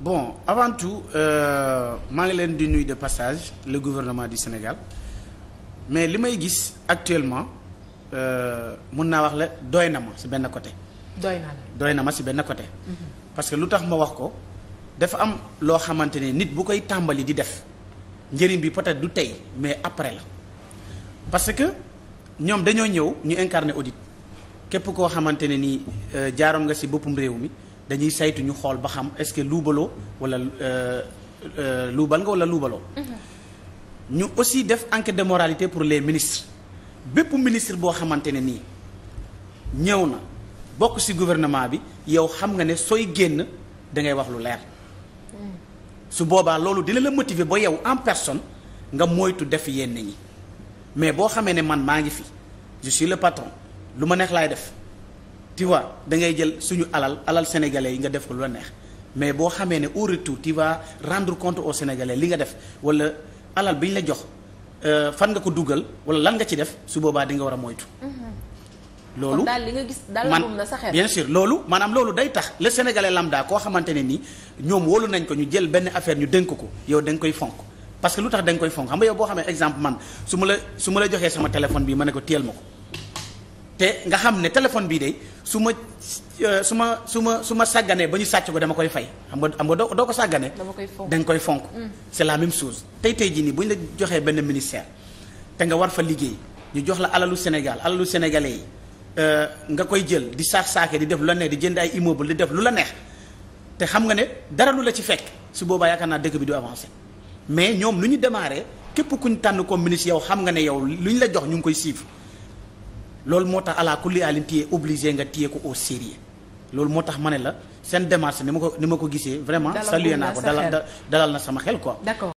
bon avant tout euh, maa ngi leen di nuyu de passage le gouvernement du Sénégal mais li may gis actuellement euh, mun naa wax la doy na ma si benn côté. doy na doy na ma si benn côté. Mhm. parce que lu tax ma wax ko dafa am loo xamante ne nit bu koy tàmbali di def njëriñ bi peut-être du tey mais après la parce que ñoom dañoo ñëw ñu incarner audite képp koo xamante ne nii euh, jaaroon nga si boppum réew mi. dañuy saytu ñu xool ba xam est-ce que luubaloo wala euh, euh, luubal nga wala luubaloo. Mm-hmm. ñu aussi def enquête de moralité pour les ministres bépp ministre boo xamante ne nii ñëw na bokk si gouvernement bi yow xam nga ne sooy génn da ngay wax lu leer. Mm. su boobaa loolu dina la motiver ba yow en personne nga moytu def yenn ñi mais boo xamee ne man maa ngi fi je le patron lu ma neex laay def. tu vois da ngay jël suñu alal alal sénégalais yi nga def ko lu la neex mais boo xamee ne au retour tu vas rendre compte aux sénégalais li nga def wala alal bi ñu la jox euh, fan nga ko dugal wala lan nga ci def su boobaa di nga war a moytu. Mm-hmm. loolu daal li nga gis dalagum na sa xel bien sûr loolu maanaam loolu day tax le sénégalais lambda koo xamante ne ni ñoom wóolu nañ ko ñu jël benn affaire ñu dénk ko yow da nga koy fonk. parce que lu tax da nga koy fonk xam nga yow boo xamee exemple man su ma la su ma la joxee sama téléphone bi ma ne ko téel ma ko. te nga xam ne téléphone bii de su ma euh, su ma su ma su ma sàgganee ba ñu sàcc ko dama koy fay xam nga xam nga doo doo ko sàgganee da nga koy fonk mm. c'est la même chose tey tey jii nii bu ñu la joxee benn ministère te nga war fa liggéey ñu jox la alalu Sénégal alalu sénégalais yi euh, nga koy jël di saax saakee di def lu la neex di jënd ay immeuble di def lu la neex te xam nga ne dara lu la ci fekk su boobaa yaakaar naa dëkk bi du avancé mais ñoom lu ñu démarré képp kuñ tànn comme ministre yow xam nga ne yow lu ñu la jox ñu ngi koy suivre loolu moo tax ala kulli alin téye obligé nga téye ko au sérieux loolu moo tax ma ne la seen démarche ni ma ko ni ma ko gisee. vraiment salué naa ko dalal dalal na sama xel quoi. d'accord.